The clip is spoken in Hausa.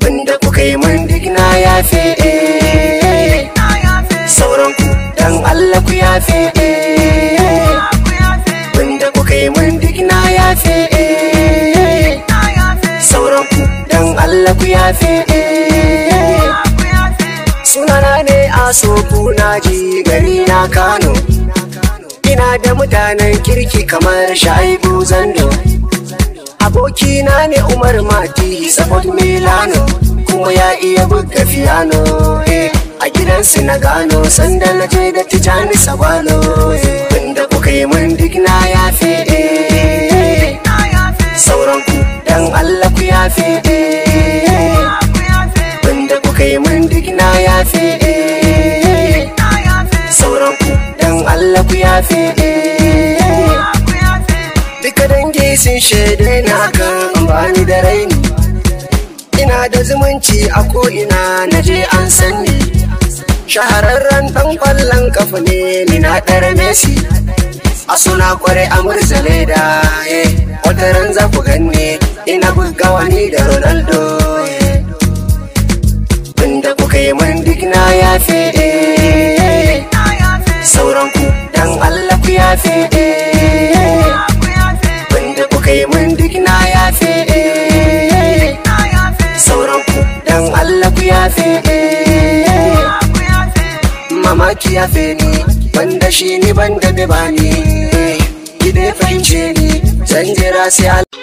Wanda kuka yi mun duk na yafe eh. sauran ku dan Allah ku yafe eh. Wanda kuka yi mun duk na yafe eh. sauran ku dan Allah ku yafe Sunana ne a so na ji gari na Kano na da mutanen kirki kamar shaibu zando abokina ne umar mati support milano kuma ya iya buga fiyano eh. a gidan su na gano sanda na je da tijani sabano inda eh. kuka yi mun duk na yafe eh. sauran ku allah ku yafe inda kuka yi mun duk na yafe Allah ku ya fi Duka dangi sun shaide na kan. bani da raini Ina da zumunci a ko'ina na je an sanni Shahararren ɗan kwallon kafa ne ni na ɗara Messi A suna kwarai a murzale da wata ran za ku ganne ina buga wani da Ronaldo Tunda kuka yi duk na ya fede yafe eh. Wanda kuka yi mun duk na yafe eh. Sauran ku dan Allah ku yafe eh. Mama ki yafe ni banda shi ni banda da bani Ki dai fahimce ni zan jira sai